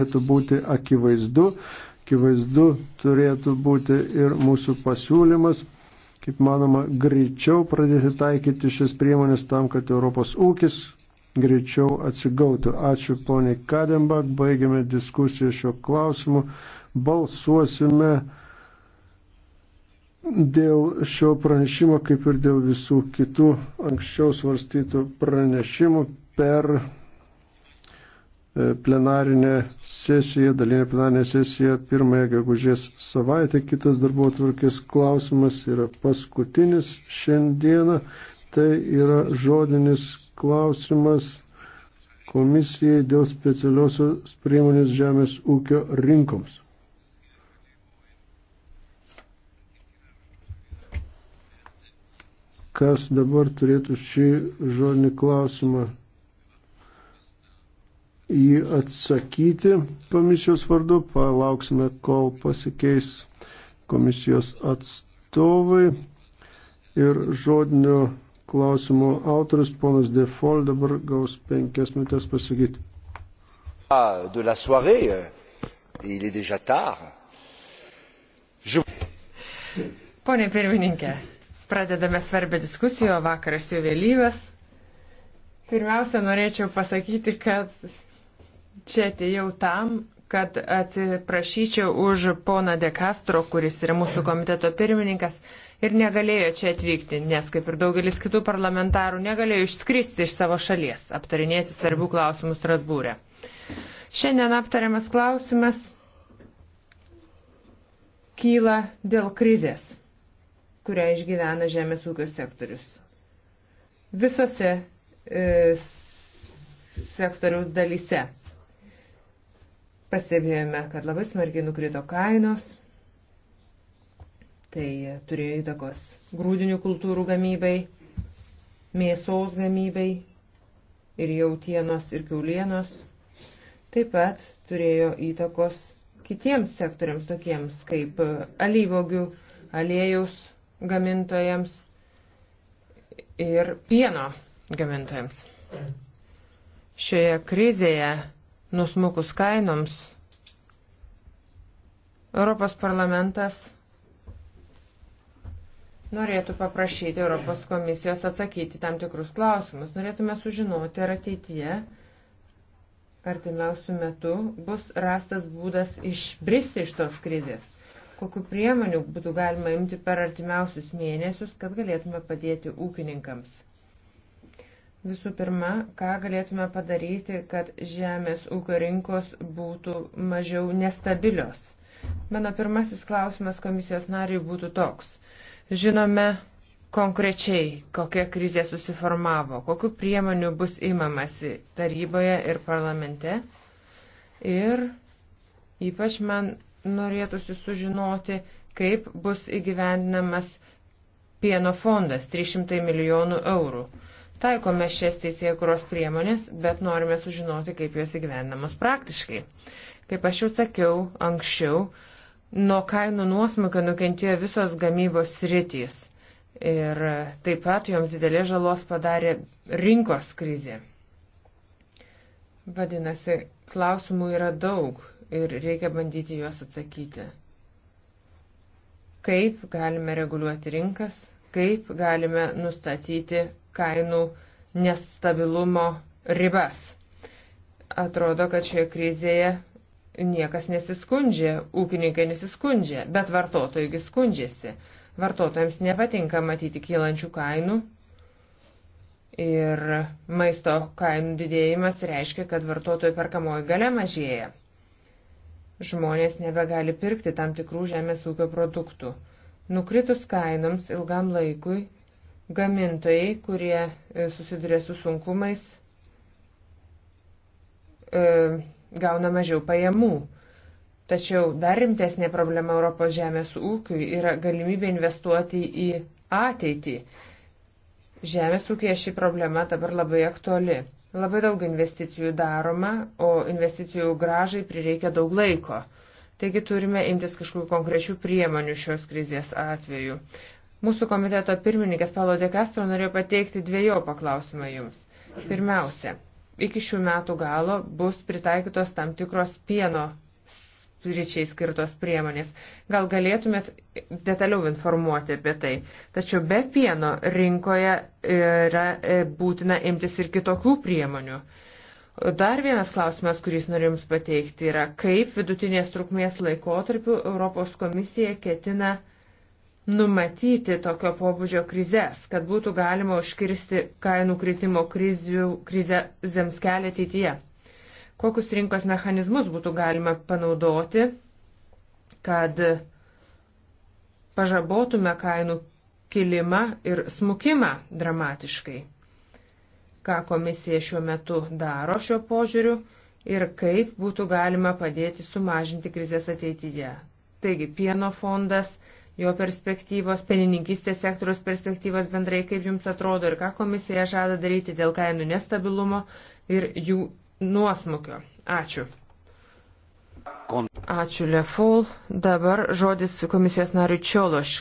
turėtų būti akivaizdu, akivaizdu turėtų būti ir mūsų pasiūlymas, kaip manoma, greičiau pradėti taikyti šias priemonės tam, kad Europos ūkis greičiau atsigautų. Ačiū poniai Kadembak, baigiame diskusiją šio klausimu, balsuosime dėl šio pranešimo, kaip ir dėl visų kitų anksčiau svarstytų pranešimų per E, plenarinė sesija, dalinė plenarinė sesija pirmąją gegužės savaitę. Kitas darbo atvarkės klausimas yra paskutinis šiandieną. Tai yra žodinis klausimas komisijai dėl specialiosios priemonės žemės ūkio rinkoms. Kas dabar turėtų šį žodinį klausimą jį atsakyti komisijos vardu. Palauksime, kol pasikeis komisijos atstovai. Ir žodinio klausimo autoris, ponas Defol, dabar gaus penkias minutės pasakyti. Ah, de la soirée, il est déjà tard. Je... Pone pirmininkė, pradedame svarbę diskusiją, vakaras jau vėlyvas. Pirmiausia, norėčiau pasakyti, kad čia atėjau tam, kad atsiprašyčiau už poną De Castro, kuris yra mūsų komiteto pirmininkas ir negalėjo čia atvykti, nes kaip ir daugelis kitų parlamentarų negalėjo išskristi iš savo šalies, aptarinėti svarbių klausimų Strasbūrė. Šiandien aptariamas klausimas kyla dėl krizės, kurią išgyvena žemės ūkio sektorius. Visose e, sektoriaus dalyse Pastebėjome, kad labai smarkiai nukrito kainos, tai turėjo įtakos grūdinių kultūrų gamybai, mėsos gamybai ir jautienos ir kiaulienos. Taip pat turėjo įtakos kitiems sektoriams, tokiems kaip alyvogių, aliejus gamintojams ir pieno gamintojams. Šioje krizėje nusmukus kainoms Europos parlamentas norėtų paprašyti Europos komisijos atsakyti tam tikrus klausimus. Norėtume sužinoti, ar ateityje, artimiausių metų, bus rastas būdas išbristi iš tos krizės. Kokiu priemonių būtų galima imti per artimiausius mėnesius, kad galėtume padėti ūkininkams. Visų pirma, ką galėtume padaryti, kad žemės ūkio rinkos būtų mažiau nestabilios Mano pirmasis klausimas komisijos nariui būtų toks. Žinome konkrečiai, kokia krizė susiformavo, kokiu priemonių bus imamasi taryboje ir parlamente. Ir ypač man norėtųsi sužinoti, kaip bus įgyvendinamas pieno fondas 300 milijonų eurų. Taikome šias teisėjų kuros priemonės, bet norime sužinoti, kaip jos įgyvendinamos praktiškai. Kaip aš jau sakiau anksčiau, nuo kainų nuosmukio nukentėjo visos gamybos sritys. Ir taip pat joms didelės žalos padarė rinkos krizė. Vadinasi, klausimų yra daug ir reikia bandyti juos atsakyti. Kaip galime reguliuoti rinkas, kaip galime nustatyti kainų nestabilumo ribas. Atrodo, kad šioje krizėje Niekas nesiskundžia, ūkininkai nesiskundžia, bet vartotojai skundžiasi. Vartotojams nepatinka matyti kylančių kainų ir maisto kainų didėjimas reiškia, kad vartotojų perkamoji gale mažėja. Žmonės nebegali pirkti tam tikrų žemės ūkio produktų. Nukritus kainoms ilgam laikui, gamintojai, kurie e, susiduria su sunkumais, e, gauna mažiau pajamų. Tačiau dar rimtesnė problema Europos žemės ūkiui yra galimybė investuoti į ateitį. Žemės ūkėje ši problema dabar labai aktuali. Labai daug investicijų daroma, o investicijų gražai prireikia daug laiko. Taigi turime imtis kažkokių konkrečių priemonių šios krizės atveju. Mūsų komiteto pirmininkas Paulo De Castro norėjo pateikti dviejopą klausimą jums. Pirmiausia, iki šių metų galo bus pritaikytos tam tikros pieno ryčiai skirtos priemonės. Gal galėtumėt detaliau informuoti apie tai. Tačiau be pieno rinkoje yra e, būtina imtis ir kitokių priemonių. Dar vienas klausimas, kurį noriu Jums pateikti, yra kaip vidutinės trukmės laikotarpiu Europos komisija ketina uh, numatyti tokio pobūdžio krizės, kad būtų galima užkirsti kainų kritimo krizių, krizę zems kelią ateityje. Kokius rinkos mechanizmus būtų galima panaudoti, kad pažabotume kainų kilimą ir smukimą dramatiškai. Ką komisija šiuo metu daro šio požiūriu ir kaip būtų galima padėti sumažinti krizės ateityje. Taigi pieno fondas, jo perspektyvos, penininkistės sektoriaus perspektyvos bendrai, kaip jums atrodo ir ką komisija žada daryti dėl kainų nestabilumo ir jų nuosmukio. Ačiū. Ačiū Lefol. Dabar žodis komisijos nariu Čiološ.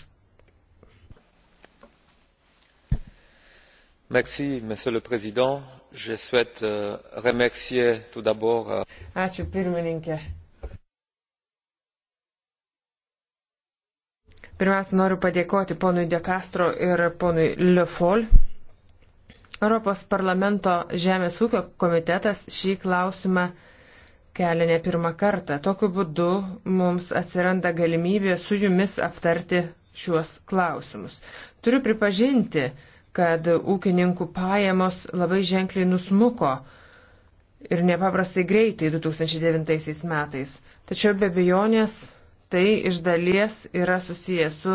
Merci, Monsieur le Président. Je souhaite euh, remercier tout d'abord. Euh, Ačiū pirmininkė. Pirmiausia, noriu padėkoti ponui De Castro ir ponui Le Foll. Europos parlamento Žemės ūkio komitetas šį klausimą kelia ne pirmą kartą. Tokiu būdu mums atsiranda galimybė su jumis aptarti šiuos klausimus. Turiu pripažinti, kad ūkininkų pajamos labai ženkliai nusmuko ir nepaprastai greitai 2009 metais. Tačiau be bejonės Tai iš dalies yra susijęs su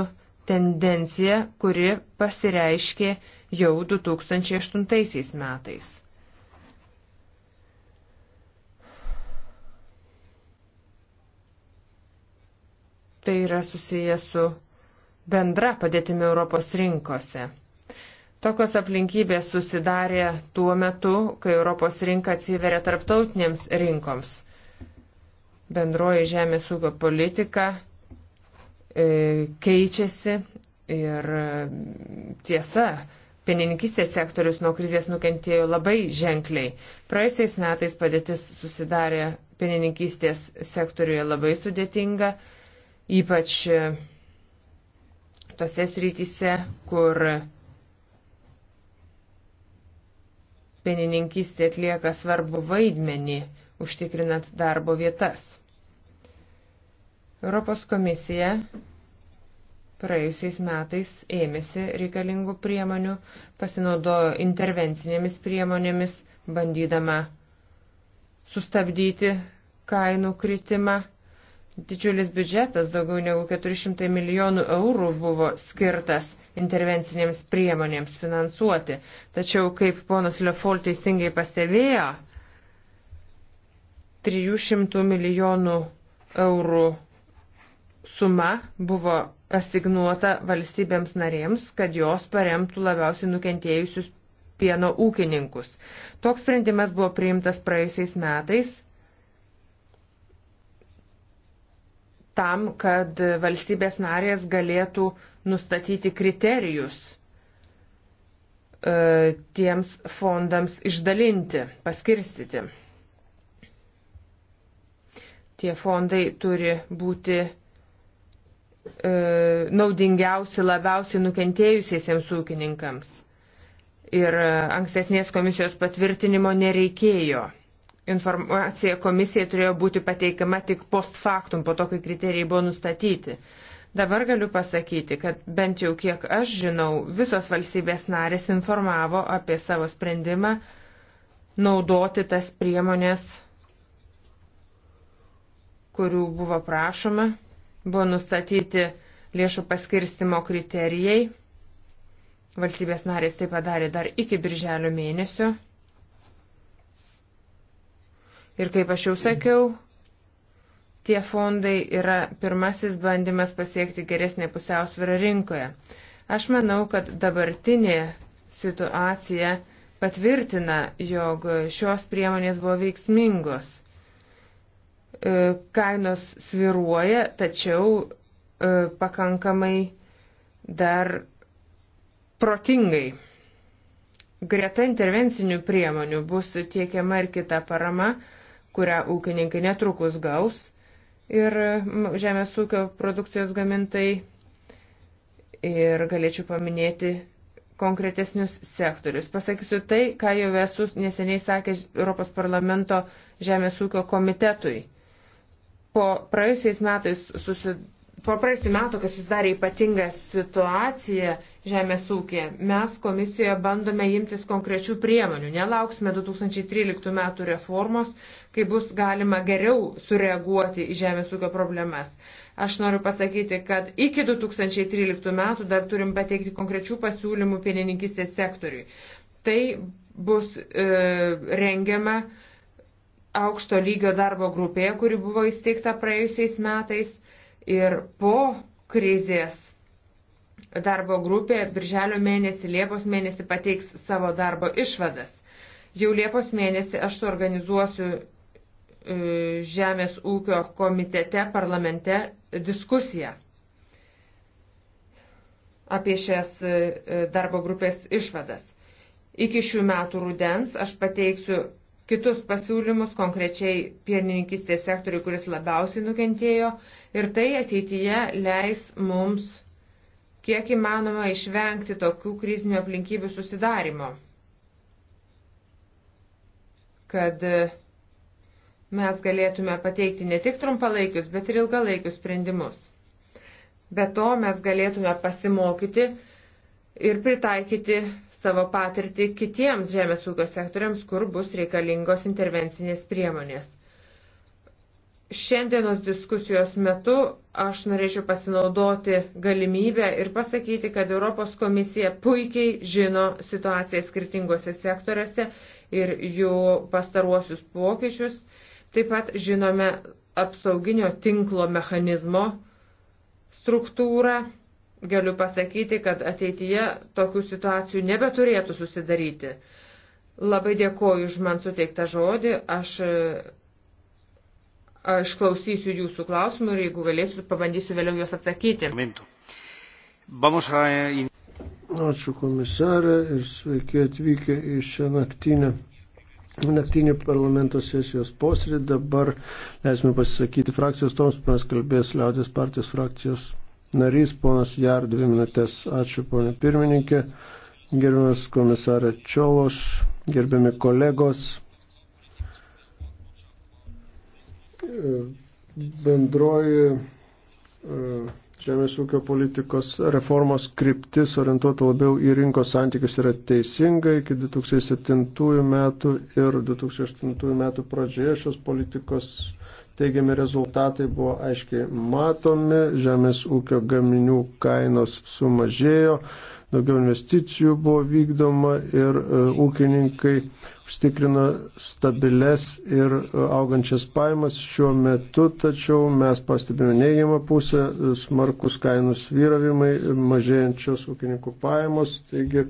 tendencija, kuri pasireiškė jau 2008 metais. Tai yra susijęs su bendra padėtimi Europos rinkose. Tokios aplinkybės susidarė tuo metu, kai Europos rinka atsiveria tarptautinėms rinkoms. Bendroji žemės ūkio politika e, keičiasi ir e, tiesa, pienininkistės sektorius nuo krizės nukentėjo labai ženkliai. Praėjusiais metais padėtis susidarė pienininkistės sektoriuje labai sudėtinga, ypač e, tose srityse, kur pienininkistė atlieka svarbu vaidmenį užtikrinant darbo vietas. Europos komisija praėjusiais metais ėmėsi reikalingų priemonių, pasinaudojo intervencinėmis priemonėmis, bandydama sustabdyti kainų kritimą. Didžiulis biudžetas, daugiau negu 400 milijonų eurų buvo skirtas intervencinėms priemonėms finansuoti. Tačiau, kaip ponas Lefol teisingai pastebėjo, 300 milijonų eurų suma buvo asignuota valstybėms narėms, kad jos paremtų labiausiai nukentėjusius pieno ūkininkus. Toks sprendimas buvo priimtas praėjusiais metais tam, kad valstybės narės galėtų nustatyti kriterijus e, tiems fondams išdalinti, paskirstyti. Tie fondai turi būti e, naudingiausi labiausiai nukentėjusiesiems ūkininkams. Ir e, ankstesnės komisijos patvirtinimo nereikėjo. Informacija komisijai turėjo būti pateikama tik post factum, po to, kai kriterijai buvo nustatyti. Dabar galiu pasakyti, kad bent jau kiek aš žinau, visos valstybės narės informavo apie savo sprendimą naudoti tas priemonės kurių buvo prašoma, buvo nustatyti lėšų paskirstimo kriterijai. Valstybės narės tai padarė dar iki birželio mėnesio. Ir kaip aš jau sakiau, tie fondai yra pirmasis bandymas pasiekti geresnį pusiausvyrą rinkoje. Aš manau, kad dabartinė situacija patvirtina, jog šios priemonės buvo veiksmingos E, kainos sviruoja, tačiau e, pakankamai dar protingai. Greta intervencinių priemonių bus tiekiama ir kita parama, kurią ūkininkai netrukus gaus ir žemės ūkio produkcijos gamintai. Ir galėčiau paminėti konkretesnius sektorius. Pasakysiu tai, ką jau esu neseniai sakęs Europos parlamento žemės ūkio komitetui po praėjusiais metais susidūrė po praėjusiu metu, kai susidarė ypatinga situacija žemės ūkė, mes komisijoje bandome imtis konkrečių priemonių. Nelauksime 2013 metų reformos, kai bus galima geriau sureaguoti į žemės ūkio problemas. Aš noriu pasakyti, kad iki 2013 metų dar turim pateikti konkrečių pasiūlymų pienininkistės sektoriui. Tai bus e, rengiama e, aukšto lygio darbo grupėje, kuri buvo įsteigta praėjusiais metais ir po krizės darbo grupė birželio mėnesį, Liepos mėnesį pateiks savo darbo išvadas. Jau Liepos mėnesį aš suorganizuosiu e, Žemės ūkio komitete parlamente diskusiją apie šias e, darbo grupės išvadas. Iki šių metų rudens aš pateiksiu kitus pasiūlymus, konkrečiai pienininkistės sektoriui, kuris labiausiai nukentėjo. Ir tai ateityje leis mums kiek įmanoma išvengti tokių krizinių aplinkybių susidarimo. Kad e, mes galėtume pateikti ne tik trumpalaikius, bet ir ilgalaikius sprendimus. Be to mes galėtume pasimokyti ir pritaikyti savo patirtį kitiems žemės ūkio sektoriams, kur bus reikalingos intervencinės priemonės. Šiandienos diskusijos metu aš norėčiau pasinaudoti galimybę ir pasakyti, kad Europos komisija puikiai žino situaciją skirtingose sektoriuose ir jų pastaruosius pokyčius. Taip pat žinome apsauginio tinklo mechanizmo struktūrą galiu pasakyti, kad ateityje tokių situacijų nebeturėtų susidaryti. Labai dėkoju už man suteiktą žodį. Aš e, išklausysiu jūsų klausimų ir jeigu galėsiu, pabandysiu vėliau juos atsakyti. Ačiū komisarė ir sveiki atvykę į šią naktinę. Naktinį parlamento sesijos posėdį dabar leisime pasisakyti frakcijos toms, mes kalbės Liaudės partijos frakcijos narys, ponas Jar, dvi minutės. Ačiū, ponė pirmininkė, gerbiamas komisarė Čiološ, gerbiami kolegos. Bendroji e, žemės ūkio politikos reformos kryptis orientuota labiau į rinkos santykius yra teisinga. Iki 2007 metų ir 2008 metų pradžioje šios politikos Teigiami rezultatai buvo aiškiai matomi, žemės ūkio gaminių kainos sumažėjo, daugiau investicijų buvo vykdoma ir e, ūkininkai užtikrino stabiles ir e, augančias paimas šiuo metu, tačiau mes pastebime neįjimą pusę, e, smarkus kainų svyravimai, mažėjančios ūkininkų pajamos, taigi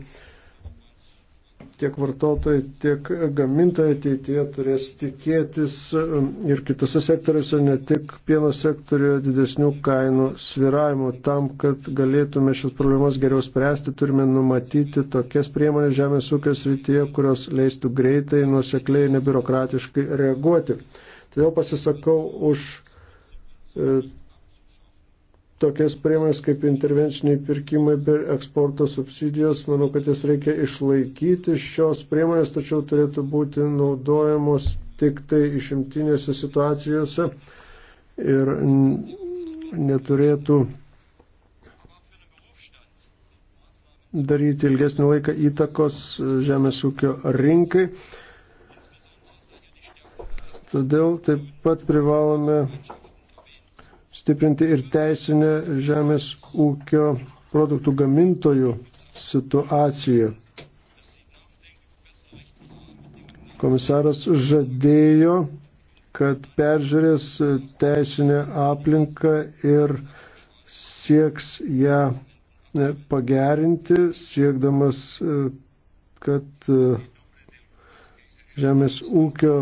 tiek vartotojai, tiek gamintojai ateityje turės tikėtis um, ir kitose sektoriuose, ne tik pieno sektoriuje, didesnių kainų sviravimo. Tam, kad galėtume šias problemas geriau spręsti, turime numatyti tokias priemonės žemės ūkio srityje, kurios leistų greitai, nusekliai ir nebiurokratiškai reaguoti. Todėl pasisakau už e, tokias priemonės kaip intervenciniai pirkimai per eksporto subsidijos, manau, kad jas reikia išlaikyti. Šios priemonės tačiau turėtų būti naudojamos tik tai išimtinėse situacijose ir neturėtų daryti ilgesnį laiką įtakos žemės ūkio rinkai. Todėl taip pat privalome stiprinti ir teisinę žemės ūkio produktų gamintojų situaciją. Komisaras žadėjo, kad peržiūrės teisinę aplinką ir sieks ją e, pagerinti, siekdamas, e, kad e, žemės ūkio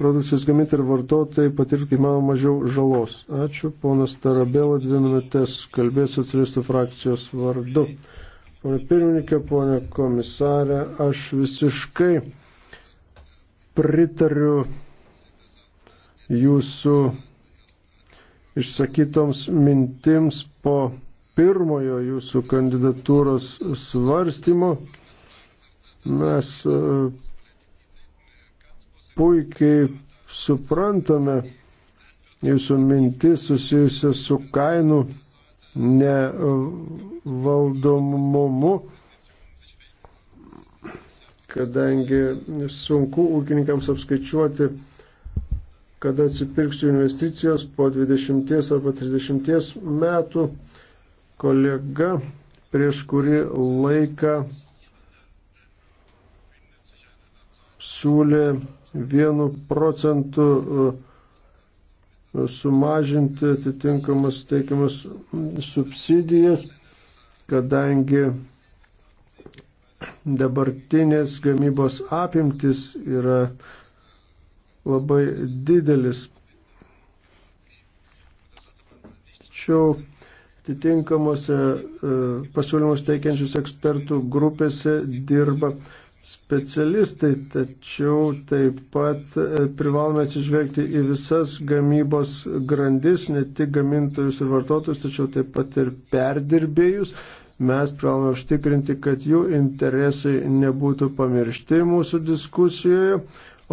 produkcijos gamintojai ir vartotojai patirtų įmanoma mažiau žalos. Ačiū, ponas Tarabėla, dvi minutės kalbės socialistų frakcijos vardu. Pone pirmininkė, pone komisarė, aš visiškai pritariu jūsų išsakytoms mintims po pirmojo jūsų kandidatūros svarstymo. Mes puikiai suprantame jūsų mintis susijusią su kainų nevaldomumu, kadangi sunku ūkininkams apskaičiuoti, kada atsipirks jų investicijos po 20 arba 30 metų. Kolega prieš kurį laiką siūlė vienu procentu e, sumažinti atitinkamas teikiamas subsidijas, kadangi dabartinės gamybos apimtis yra labai didelis. Tačiau atitinkamose e, pasiūlymus teikiančius ekspertų grupėse dirba specialistai, tačiau taip pat e, privalome atsižvelgti į visas gamybos grandis, ne tik gamintojus ir vartotojus, tačiau taip pat ir perdirbėjus. Mes privalome užtikrinti, kad jų interesai nebūtų pamiršti mūsų diskusijoje.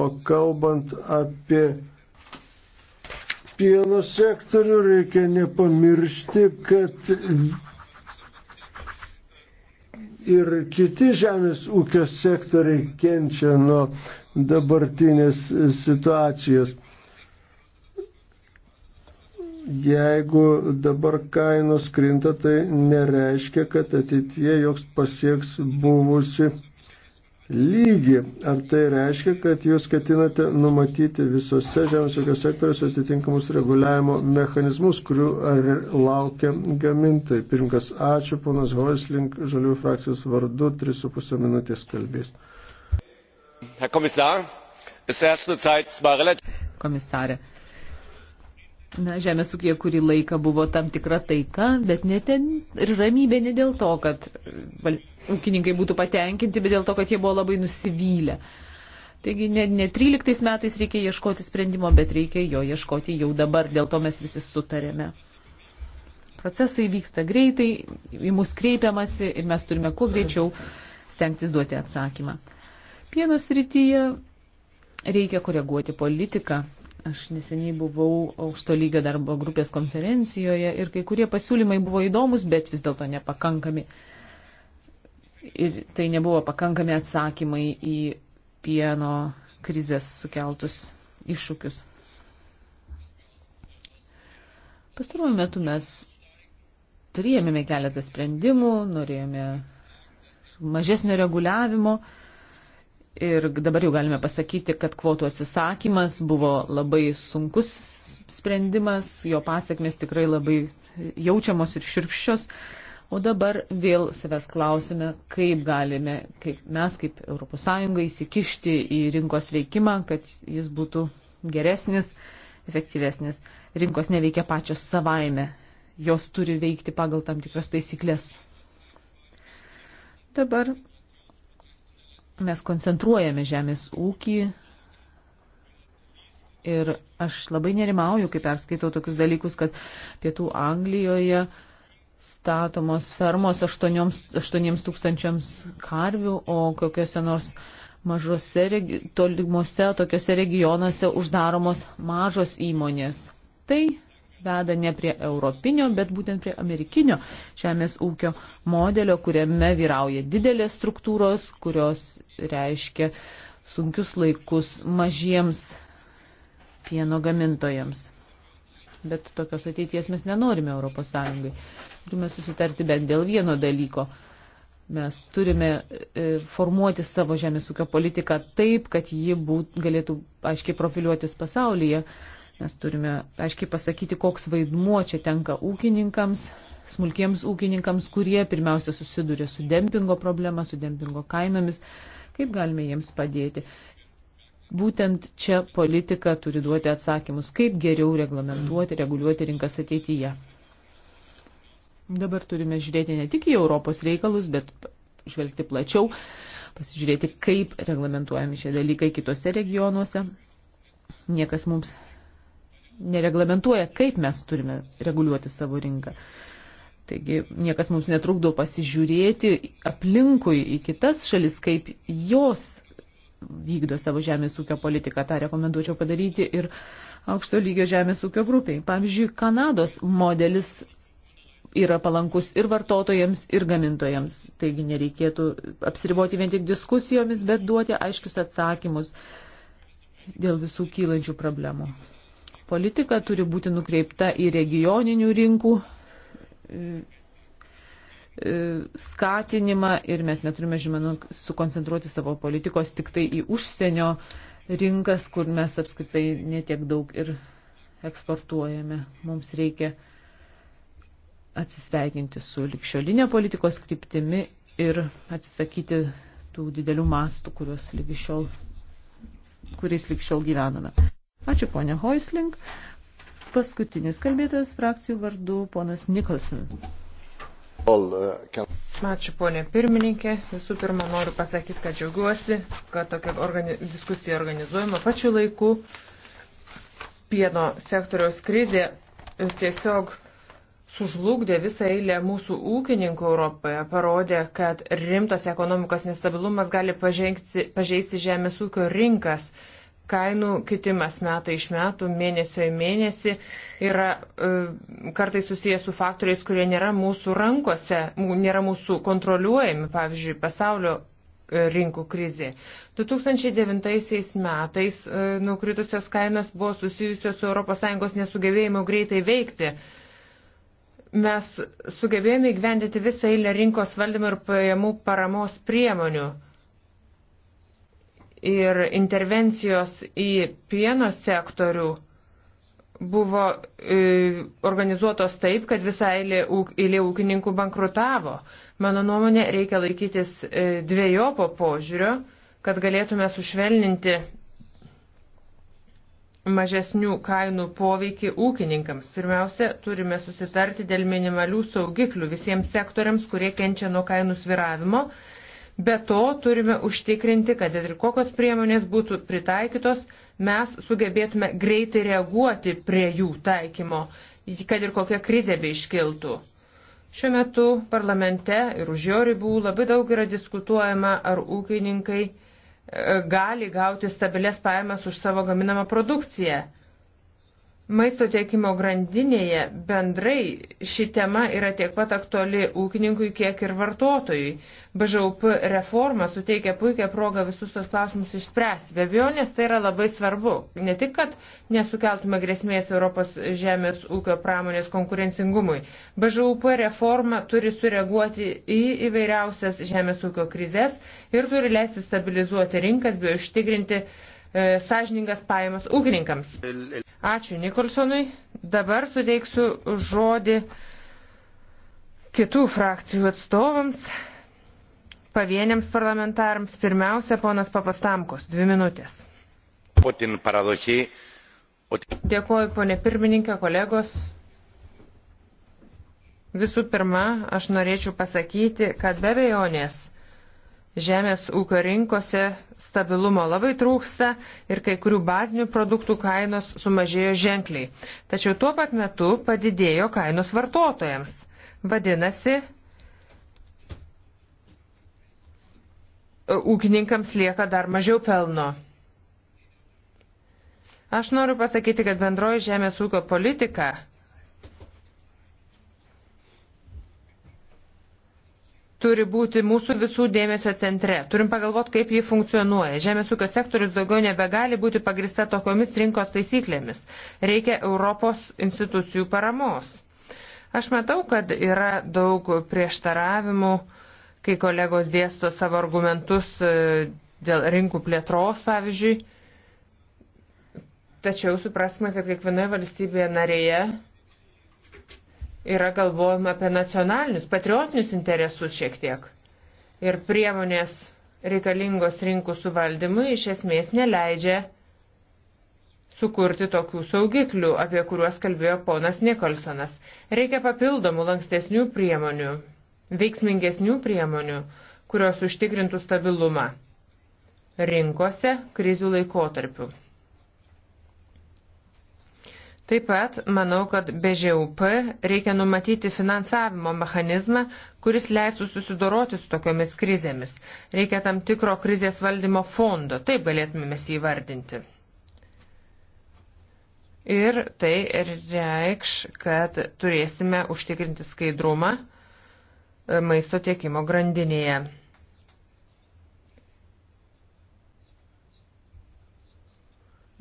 O kalbant apie pieno sektorių, reikia nepamiršti, kad ir kiti žemės ūkio sektoriai kenčia nuo dabartinės situacijos. Jeigu dabar kainos krinta, tai nereiškia, kad ateitie joks pasieks buvusi lygį. Ar tai reiškia, kad jūs ketinate numatyti visose žemės ūkio sektoriuose atitinkamus reguliavimo mechanizmus, kurių laukia gamintai? Pirmkas, ačiū, ponas Hoislink, žalių frakcijos vardu, 3,5 minutės kalbės. Komisarė. Na, žemės ūkija kurį laiką buvo tam tikra taika, bet ne ten ir ramybė ne dėl to, kad val ūkininkai būtų patenkinti, bet dėl to, kad jie buvo labai nusivylę. Taigi ne, ne 13 metais reikia ieškoti sprendimo, bet reikia jo ieškoti jau dabar, dėl to mes visi sutarėme. Procesai vyksta greitai, į mus kreipiamasi ir mes turime kuo greičiau stengtis duoti atsakymą. Pienos rytyje reikia koreguoti politiką. Aš neseniai buvau aukšto lygio darbo grupės konferencijoje ir kai kurie pasiūlymai buvo įdomus, bet vis dėlto nepakankami. Ir tai nebuvo pakankami atsakymai į pieno krizės sukeltus iššūkius. Pastaruoju metu mes priėmėme keletą sprendimų, norėjome mažesnio reguliavimo ir dabar jau galime pasakyti, kad kvotų atsisakymas buvo labai sunkus sprendimas, jo pasiekmes tikrai labai jaučiamos ir širkščios. O dabar vėl savęs klausime, kaip galime, kaip mes kaip ES įsikišti į rinkos veikimą, kad jis būtų geresnis, efektyvesnis. Rinkos neveikia pačios savaime, jos turi veikti pagal tam tikras taisyklės. Dabar mes koncentruojame žemės ūkį, Ir aš labai nerimauju, kai perskaitau tokius dalykus, kad pietų Anglijoje statomos fermos 8, 8 tūkstančiams karvių, o kokiuose nors mažose, tolimuose, tokiuose regionuose uždaromos mažos įmonės. Tai veda ne prie europinio, bet būtent prie amerikinio žemės ūkio modelio, kuriame vyrauja didelės struktūros, kurios reiškia sunkius laikus mažiems pieno gamintojams bet tokios ateities mes nenorime Europos Sąjungai. Turime susitarti bent dėl vieno dalyko. Mes turime e, formuoti savo žemės ūkio politiką taip, kad ji būt, galėtų aiškiai profiliuotis pasaulyje. Mes turime aiškiai pasakyti, koks vaidmuo čia tenka ūkininkams, smulkiems ūkininkams, kurie pirmiausia susiduria su dempingo problema, su dempingo kainomis, kaip galime jiems padėti būtent čia politika turi duoti atsakymus, kaip geriau reglamentuoti, reguliuoti rinkas ateityje. Dabar turime žiūrėti ne tik į Europos reikalus, bet žvelgti plačiau, pasižiūrėti, kaip reglamentuojami šie dalykai kitose regionuose. Niekas mums nereglamentuoja, kaip mes turime reguliuoti savo rinką. Taigi niekas mums netrukdo pasižiūrėti aplinkui į kitas šalis, kaip jos vykdo savo žemės ūkio politiką. Ta rekomenduočiau padaryti ir aukšto lygio žemės ūkio grupiai. Pavyzdžiui, Kanados modelis yra palankus ir vartotojams, ir gamintojams. Taigi nereikėtų apsiriboti vien tik diskusijomis, bet duoti aiškius atsakymus dėl visų kylančių problemų. Politika turi būti nukreipta į regioninių rinkų E, skatinimą ir mes neturime, žinoma, nu, sukoncentruoti savo politikos tik tai į užsienio rinkas, kur mes apskritai netiek daug ir eksportuojame. Mums reikia atsisveikinti su likščiolinė politikos kryptimi ir atsisakyti tų didelių mastų, kuriuos lygi šiol, kuriais lygi šiol gyvename. Ačiū ponia Hoisling. Paskutinis kalbėtojas frakcijų vardu ponas Nikolson. Ačiū, ponė pirmininkė. Visų pirma, noriu pasakyti, kad džiaugiuosi, kad tokia organi diskusija organizuojama pačiu laiku. Pieno sektoriaus krizė tiesiog sužlugdė visą eilę mūsų ūkininkų Europoje, parodė, kad rimtas ekonomikos nestabilumas gali pažengti, pažeisti žemės ūkio rinkas. Uh, kainų kitimas metai iš metų, mėnesio į mėnesį yra e, kartai susijęs su faktoriais, kurie nėra mūsų rankose, nėra mūsų kontroliuojami, pavyzdžiui, pasaulio e, rinkų krizė. 2009 metais e, nukritusios kainos buvo susijusios su ES nesugebėjimu greitai veikti. Mes sugebėjome įgyvendinti visą eilę rinkos valdymo ir pajamų paramos priemonių ir intervencijos į pieno sektorių buvo e, organizuotos taip, kad visa eilė, eilė ūkininkų bankrutavo. Mano nuomonė, reikia laikytis e, dviejopo požiūrio, kad galėtume sušvelninti mažesnių kainų poveikį ūkininkams. Pirmiausia, turime susitarti dėl minimalių saugiklių visiems sektoriams, kurie kenčia nuo kainų sviravimo Be to turime užtikrinti, kad ir kokios priemonės būtų pritaikytos, mes sugebėtume greitai reaguoti prie jų taikymo, kad ir kokia krizė beiškiltų. Šiuo metu parlamente ir už jo ribų labai daug yra diskutuojama, ar ūkininkai e, gali gauti stabilės pajamas už savo gaminamą produkciją. Maisto tiekimo grandinėje bendrai ši tema yra tiek pat aktuali ūkininkui, kiek ir vartotojui. BŽUP reforma suteikia puikią progą visus tos klausimus išspręsti. Be abejo, nes tai yra labai svarbu. Ne tik, kad nesukeltume grėsmės Europos žemės ūkio pramonės konkurencingumui. BŽUP reforma turi sureaguoti į įvairiausias žemės ūkio krizės ir turi leisti stabilizuoti rinkas bei užtikrinti uh, E, sąžiningas pajamas ūkininkams. Ačiū Nikolsonui. Dabar suteiksiu žodį kitų frakcijų atstovams, pavieniams parlamentarams. Pirmiausia, ponas Papastamkos, dvi minutės. Dėkuoju, ponė pirmininkė, kolegos. Visų pirma, aš norėčiau pasakyti, kad be bejonės, Žemės ūkio rinkose stabilumo labai trūksta ir kai kurių bazinių produktų kainos sumažėjo ženkliai. Tačiau tuo pat metu padidėjo kainos vartotojams. Vadinasi, ūkininkams lieka dar mažiau pelno. Aš noriu pasakyti, kad bendroji žemės ūkio politika turi būti mūsų visų dėmesio centre. Turim pagalvoti, kaip ji funkcionuoja. Žemės ūkio sektorius daugiau nebegali būti pagrista tokiomis rinkos taisyklėmis. Reikia Europos institucijų paramos. Aš matau, kad yra daug prieštaravimų, kai kolegos dėsto savo argumentus e, dėl rinkų plėtros, pavyzdžiui. Tačiau suprasme, kad kiekvienoje valstybėje narėje Yra galvojama apie nacionalinius, patriotinius interesus šiek tiek. Ir priemonės reikalingos rinkų suvaldymui iš esmės neleidžia sukurti tokių saugiklių, apie kuriuos kalbėjo ponas Nikolsonas. Reikia papildomų lankstesnių priemonių, veiksmingesnių priemonių, kurios užtikrintų stabilumą rinkose krizių laikotarpiu. Taip pat manau, kad BŽUP reikia numatyti finansavimo mechanizmą, kuris leistų susidoroti su tokiomis krizėmis. Reikia tam tikro krizės valdymo fondo, taip galėtumėme jį vardinti. Ir tai reikš, kad turėsime užtikrinti skaidrumą e, maisto tiekimo grandinėje.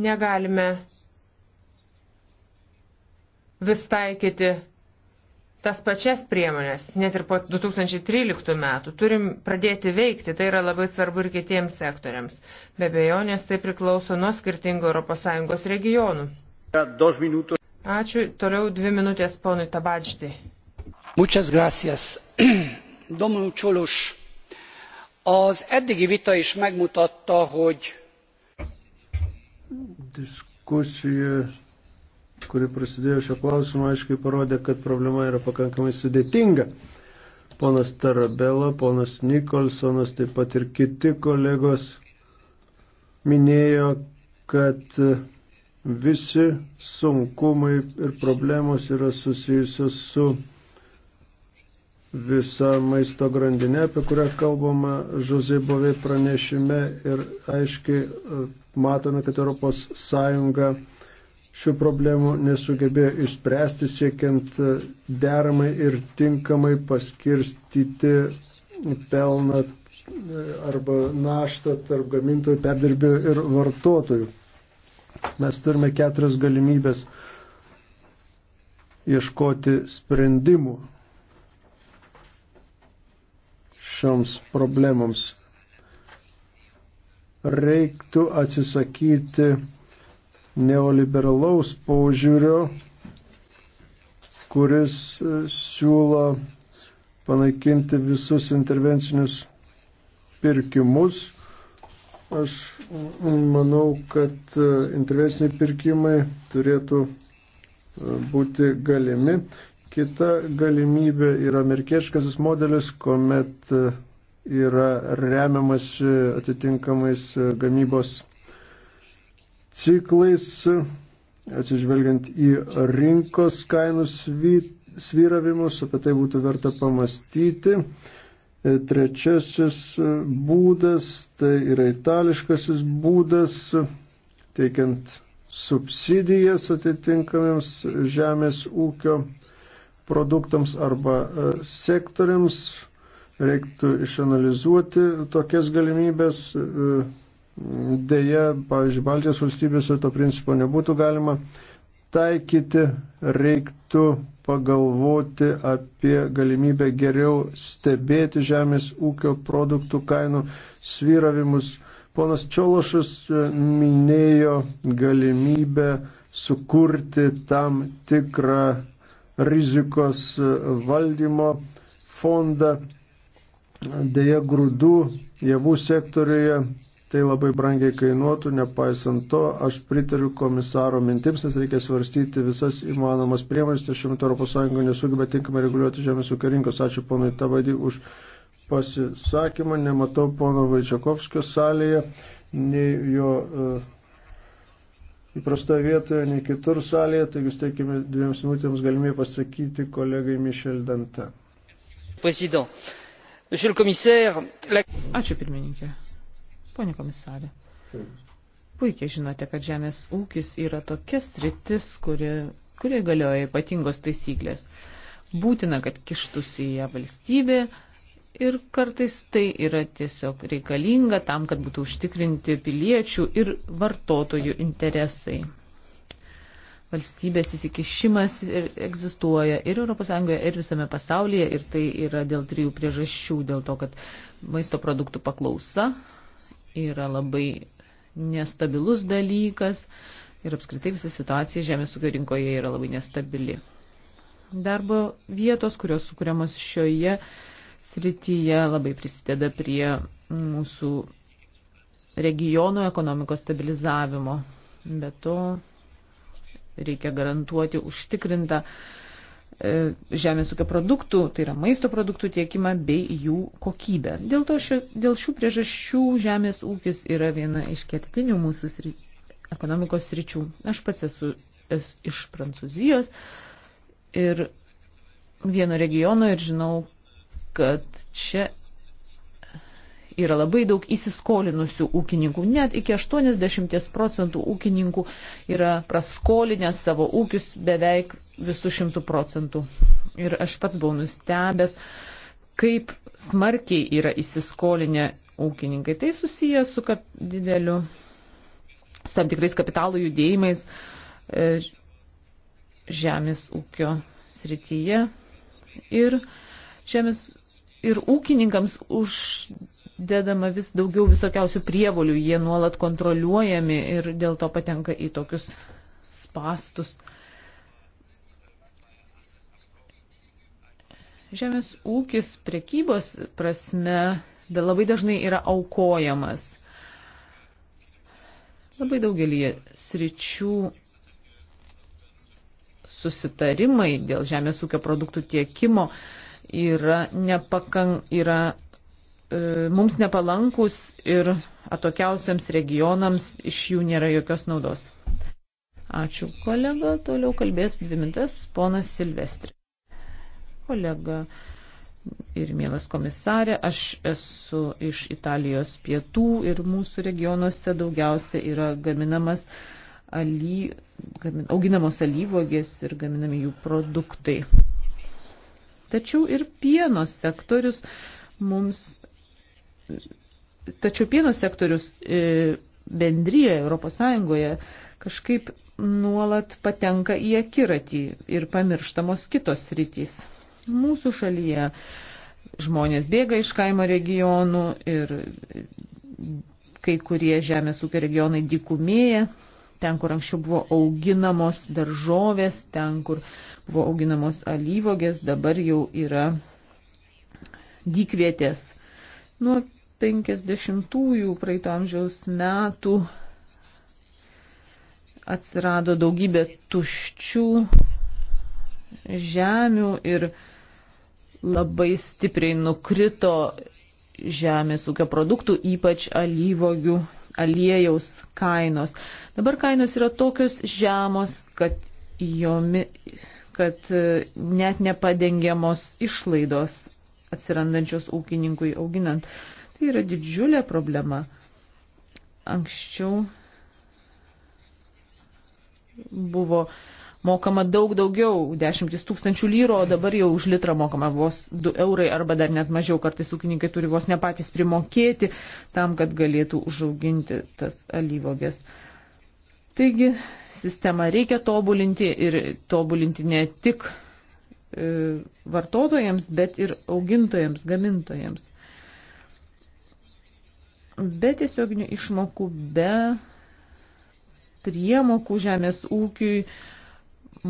Negalime vis taikyti tas pačias priemonės, net ir po 2013 metų. Turim pradėti veikti, tai yra labai svarbu ir kitiems sektoriams. Be bejonės tai priklauso nuo skirtingų ES regionų. Ačiū, toliau dvi minutės ponui Tabadžti. Muchas gracias. Domnul Csolos, az eddigi vita is megmutatta, hogy diskusija kuri prasidėjo šio klausimo, aiškiai parodė, kad problema yra pakankamai sudėtinga. Ponas Tarabela, ponas Nikolsonas, taip pat ir kiti kolegos minėjo, kad visi sunkumai ir problemos yra susijusios su visa maisto grandinė, apie kurią kalbama Žozė Bovė pranešime ir aiškiai e, matome, kad ES šių problemų nesugebėjo išspręsti, siekiant e, deramai ir tinkamai paskirstyti pelną e, arba naštą tarp gamintojų, perdirbėjų ir vartotojų. Mes turime keturias galimybės ieškoti sprendimų šioms problemams. Reiktų atsisakyti neoliberalaus požiūrio, kuris e, siūlo panaikinti visus intervencinius pirkimus. Aš manau, kad e, intervenciniai pirkimai turėtų e, būti galimi. Kita galimybė yra amerikieškasis modelis, kuomet yra remiamasi atitinkamais gamybos ciklais, atsižvelgiant į rinkos kainų sviravimus, apie tai būtų verta pamastyti. E, trečiasis e, būdas, tai yra itališkasis būdas, teikiant subsidijas atitinkamiems žemės ūkio produktams arba e, sektoriams. Reiktų išanalizuoti tokias galimybės, Deja, pavyzdžiui, Baltijos valstybėse to principo nebūtų galima taikyti, reiktų pagalvoti apie galimybę geriau stebėti žemės ūkio produktų kainų sviravimus. Ponas Čiološas e, minėjo galimybę sukurti tam tikrą rizikos e, valdymo fondą. Deja, grūdų, javų sektorijoje tai labai brangiai kainuotų, nepaisant to, aš pritariu komisaro mintims, nes reikia svarstyti visas įmanomas priemonės, tai šiuo metu ES nesugeba tinkamai reguliuoti žemės ūkio rinkos. Ačiū ponui Tabadį už pasisakymą, nematau pono Vaičiakovskio salėje, nei jo uh, įprastoje vietoje, nei kitur salėje, taigi steikime dviems minutėms galimybę pasakyti kolegai Mišel Dante. Ačiū pirmininkė. Pone komisarė. Puikiai žinote, kad žemės ūkis yra tokia sritis, kuri, kurie galioja ypatingos taisyklės. Būtina, kad kištųsi į ją valstybė ir kartais tai yra tiesiog reikalinga tam, kad būtų užtikrinti piliečių ir vartotojų interesai. Valstybės įsikišimas egzistuoja ir ES, ir visame pasaulyje, ir tai yra dėl trijų priežasčių - dėl to, kad maisto produktų paklausa yra labai nestabilus dalykas ir apskritai visa situacija žemės ūkio rinkoje yra labai nestabili. Darbo vietos, kurios sukūriamos šioje srityje, labai prisideda prie mūsų regionų ekonomikos stabilizavimo. Be to reikia garantuoti užtikrintą uh, E, žemės ūkio produktų, tai yra maisto produktų tiekimą bei jų kokybę. Dėl, to, šio, dėl šių priežasčių žemės ūkis yra viena iš kertinių mūsų sri, ekonomikos sričių. Aš pats esu, esu iš Prancūzijos ir vieno regiono ir žinau, kad čia yra labai daug įsiskolinusių ūkininkų. Net iki 80 procentų ūkininkų yra praskolinę savo ūkius beveik visų šimtų procentų. Ir aš pats buvau nustebęs, kaip smarkiai yra įsiskolinę ūkininkai. Tai susijęs su kap, dideliu, su tam tikrais kapitalų judėjimais e, žemės ūkio srityje. Ir, žemės, ir ūkininkams už dedama vis daugiau visokiausių prievolių, jie nuolat kontroliuojami ir dėl to patenka į tokius spastus. Žemės ūkis prekybos prasme labai dažnai yra aukojamas. Labai daugelį sričių susitarimai dėl žemės ūkio produktų tiekimo yra, nepakan, yra e, mums nepalankus ir atokiausiams regionams iš jų nėra jokios naudos. Ačiū kolega, toliau kalbės dvi mintas ponas Silvestri kolega ir mielas komisarė, aš esu iš Italijos pietų ir mūsų regionuose daugiausia yra gaminamas aly, gamin, auginamos alyvogės ir gaminami jų produktai. Tačiau ir pieno sektorius mums. Tačiau pieno sektorius e, bendryje Europos Sąjungoje kažkaip nuolat patenka į akiratį ir pamirštamos kitos rytys mūsų šalyje. Žmonės bėga iš kaimo regionų ir kai kurie žemės ūkio regionai dikumėja, ten, kur anksčiau buvo auginamos daržovės, ten, kur buvo auginamos alyvogės, dabar jau yra dykvietės. Nuo 50-ųjų praeito amžiaus metų atsirado daugybė tuščių žemių ir labai stipriai nukrito žemės ūkio produktų, ypač alyvogių aliejaus kainos. Dabar kainos yra tokios žemos, kad, jomi, kad e, net nepadengiamos išlaidos atsirandančios ūkininkui auginant. Tai yra didžiulė problema. Anksčiau buvo uh, mokama daug daugiau, dešimtis tūkstančių lyro, o dabar jau už litrą mokama vos 2 eurai arba dar net mažiau, kartais ūkininkai turi vos ne patys primokėti tam, kad galėtų užauginti tas alyvogės. Taigi sistemą reikia tobulinti ir tobulinti ne tik e, vartotojams, bet ir augintojams, gamintojams. Be tiesioginių išmokų, be priemokų žemės ūkiui,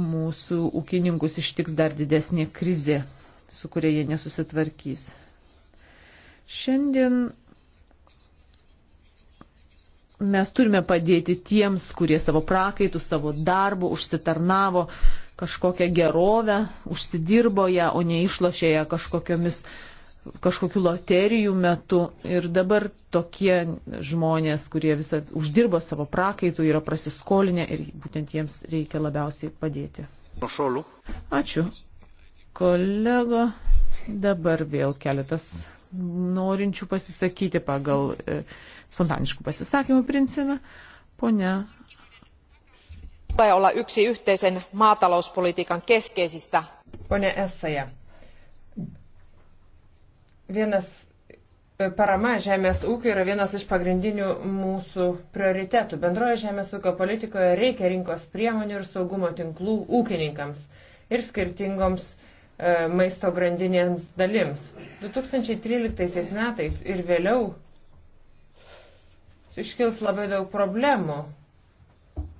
mūsų ūkininkus ištiks dar didesnė krizė, su kuria jie nesusitvarkys. Šiandien mes turime padėti tiems, kurie savo prakaitų, savo darbų užsitarnavo kažkokią gerovę, užsidirbo ją, o neišlošė ją kažkokiamis kažkokių loterijų metu. Ir dabar tokie žmonės, kurie visą uždirbo savo prakaitų, yra prasiskolinę ir būtent jiems reikia labiausiai padėti. Ačiū. Kolego, dabar vėl keletas norinčių pasisakyti pagal e, spontaniškų pasisakymų principą. Pone. Tulee olla yksi yhteisen maatalouspolitiikan keskeisistä. Pone Essaja, vienas e, parama žemės ūkio yra vienas iš pagrindinių mūsų prioritetų. Bendroje žemės ūkio politikoje reikia rinkos priemonių ir saugumo tinklų ūkininkams ir skirtingoms e, maisto grandinėms dalims. 2013 metais ir vėliau iškils labai daug problemų.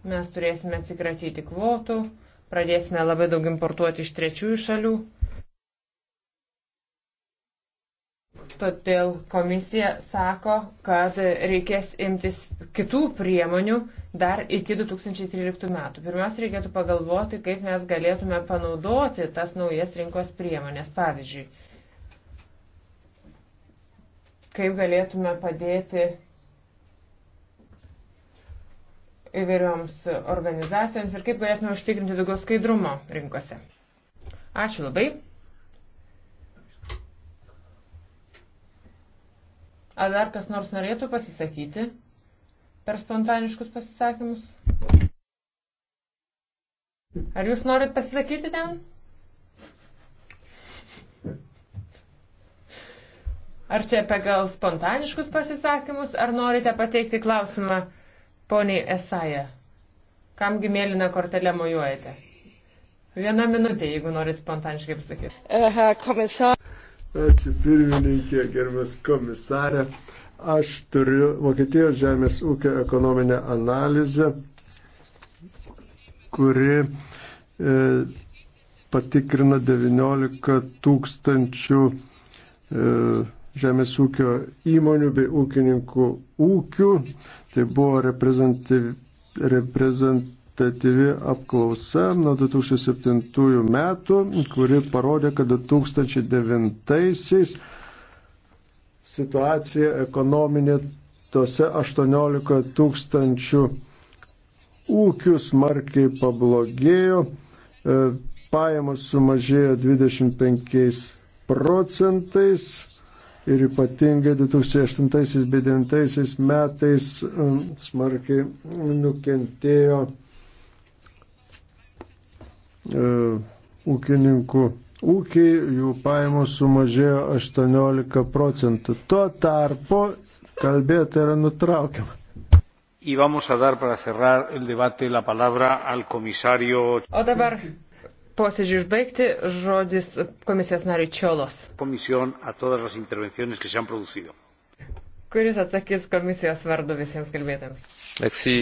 Mes turėsime atsikratyti kvotų, pradėsime labai daug importuoti iš trečiųjų šalių Todėl komisija sako, kad reikės imtis kitų priemonių dar iki 2013 metų. Pirmiausia, reikėtų pagalvoti, kaip mes galėtume panaudoti tas naujas rinkos priemonės. Pavyzdžiui, kaip galėtume padėti įvairioms organizacijoms ir kaip galėtume užtikrinti daugiau skaidrumo rinkose. Ačiū labai. Ar dar kas nors norėtų pasisakyti per spontaniškus pasisakymus? Ar jūs norit pasisakyti ten? Ar čia apie gal spontaniškus pasisakymus, ar norite pateikti klausimą poniai Esaja? Kamgi mėlyną kortelę mojuojate? Vieną minutę, jeigu norit spontaniškai pasakyti. Ačiū pirmininkė, gerbės komisarė. Aš turiu Vokietijos žemės ūkio ekonominę analizę, kuri e, patikrina 19 tūkstančių e, žemės ūkio įmonių bei ūkininkų ūkių. Tai buvo reprezentatyvi reprezent, kvalitatyvi apklausa nuo 2007 metų, kuri parodė, kad 2009 situacija ekonominė tose 18 tūkstančių ūkių smarkiai pablogėjo, e, pajamos sumažėjo 25 procentais ir ypatingai 2008 bei 2009 metais e, smarkiai nukentėjo E, ūkininkų ūkiai, jų pajamos sumažėjo 18 procentų. Tuo tarpu kalbėti yra nutraukiama. Y vamos a dar para cerrar el debate la palabra al comisario. O dabar posėdžiui užbaigti žodis komisijos nariui Čiolos. Komisijon a todas las intervenciones que se han producido. Kuris atsakys komisijos vardu visiems kalbėtams. Merci,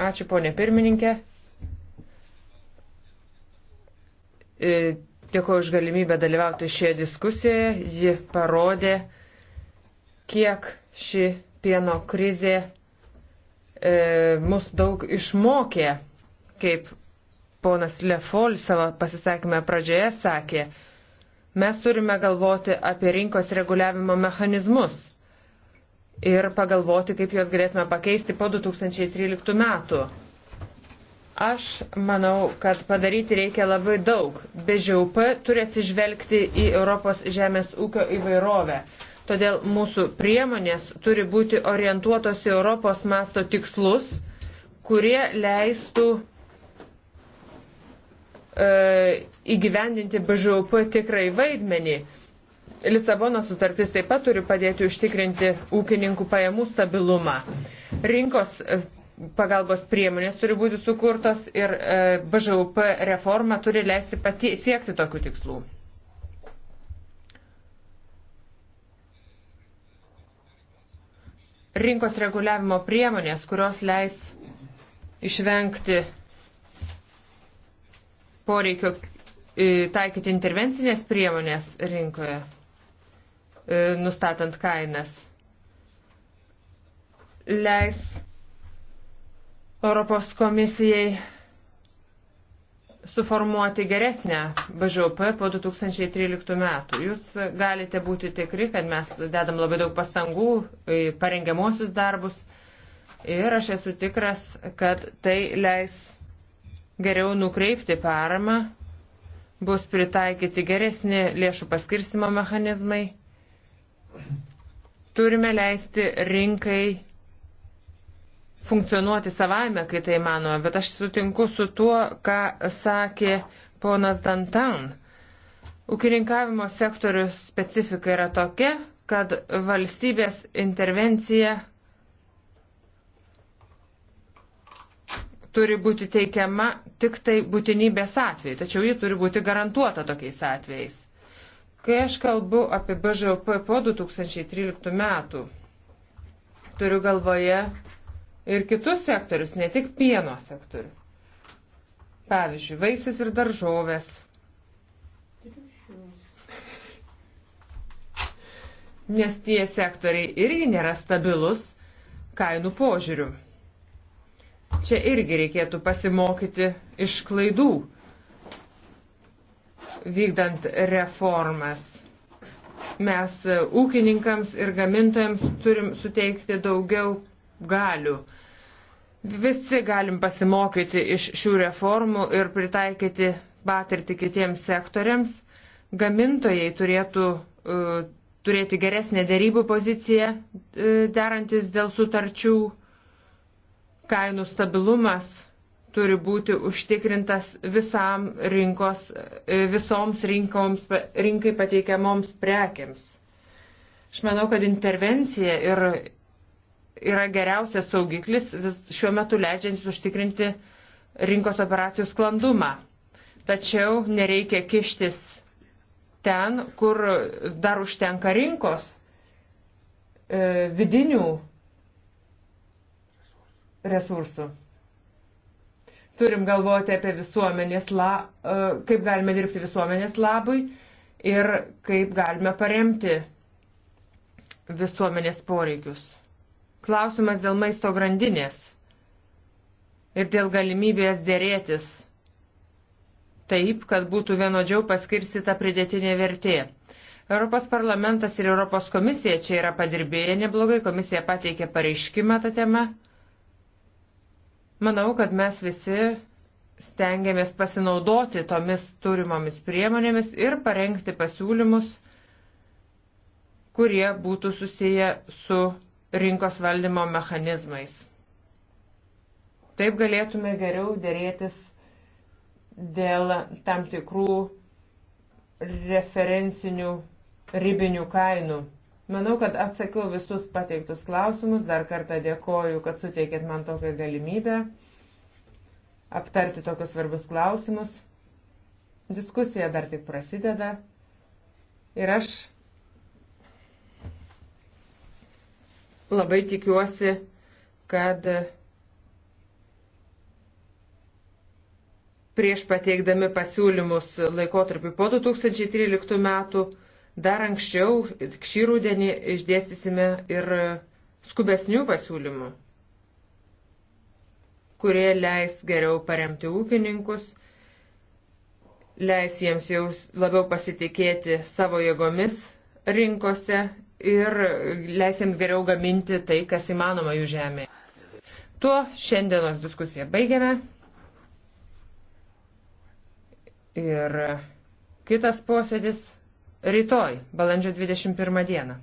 Ačiū, ponė pirmininkė. E, Dėkuoju už galimybę dalyvauti šioje diskusijoje. Ji parodė, kiek ši pieno krizė e, mus daug išmokė, kaip ponas Lefol savo pasisakymę pradžioje sakė. Mes turime galvoti apie rinkos reguliavimo mechanizmus ir pagalvoti, kaip juos galėtume pakeisti po 2013 metų Aš manau, kad padaryti reikia labai daug. BŽUP turi atsižvelgti į Europos žemės ūkio įvairovę. Todėl mūsų priemonės turi būti orientuotos į Europos masto tikslus, kurie leistų e, įgyvendinti BŽUP tikrai vaidmenį. Lisabono sutartis taip pat turi padėti užtikrinti ūkininkų pajamų stabilumą. Rinkos pagalbos priemonės turi būti sukurtos ir e, BŽUP reforma turi leisti pati siekti tokių tikslų. Rinkos reguliavimo priemonės, kurios leis išvengti poreikio e, taikyti intervencinės priemonės rinkoje, e, nustatant kainas, leis Europos komisijai suformuoti geresnę BŽP po 2013 metų. Jūs galite būti tikri, kad mes dedam labai daug pastangų į parengiamuosius darbus ir aš esu tikras, kad tai leis geriau nukreipti paramą, bus pritaikyti geresni lėšų paskirstimo mechanizmai. Turime leisti rinkai funkcionuoti savaime, kai tai manome, bet aš sutinku su tuo, ką sakė ponas Dantan. Ūkininkavimo sektorius specifika yra tokia, kad valstybės intervencija turi būti teikiama tik tai būtinybės atveju, tačiau ji turi būti garantuota tokiais atvejais. Kai aš kalbu apie BŽP po 2013 metų, turiu galvoje ir kitus sektorius, ne tik pieno sektorių. Pavyzdžiui, vaisius ir daržovės. Nes tie sektoriai irgi nėra stabilus kainų požiūrių. Čia irgi reikėtų pasimokyti iš klaidų, vykdant reformas mes ūkininkams ir gamintojams turim suteikti daugiau galių. Visi galim pasimokyti iš šių reformų ir pritaikyti patirtį kitiems sektoriams. Gamintojai turėtų uh, turėti geresnę dėrybų poziciją, uh, derantis dėl sutarčių. Kainų stabilumas turi būti užtikrintas visam rinkos, e, visoms rinkoms, rinkai pateikiamoms prekiams. Aš manau, kad intervencija ir yra geriausias saugiklis šiuo metu leidžiantis užtikrinti rinkos operacijų sklandumą. Tačiau nereikia kištis ten, kur dar užtenka rinkos e, vidinių resursų. Turim galvoti apie visuomenės, la, e, kaip galime dirbti visuomenės labui ir kaip galime paremti visuomenės poreikius. Klausimas dėl maisto grandinės ir dėl galimybės dėrėtis taip, kad būtų vienodžiau paskirstyta pridėtinė vertė. Europos parlamentas ir Europos komisija čia yra padirbėję neblogai, komisija pateikė pareiškimą tą temą. Manau, kad mes visi stengiamės pasinaudoti tomis turimomis priemonėmis ir parengti pasiūlymus, kurie būtų susiję su rinkos valdymo mechanizmais. Taip galėtume geriau dėrėtis dėl tam tikrų referencinių ribinių kainų. Manau, kad atsakiau visus pateiktus klausimus. Dar kartą dėkoju, kad suteikėt man tokią galimybę aptarti tokius svarbus klausimus. Diskusija dar tik prasideda. Ir aš Labai tikiuosi, kad prieš pateikdami pasiūlymus laikotarpį po 2013 metų, dar anksčiau, šį rūdienį išdėstysime ir skubesnių pasiūlymų, kurie leis geriau paremti ūkininkus, leis jiems jau labiau pasitikėti savo jėgomis rinkose ir leisėms geriau gaminti tai, kas įmanoma jų žemėje. Tuo šiandienos diskusiją baigiame. Ir kitas posėdis rytoj, balandžio 21 dieną.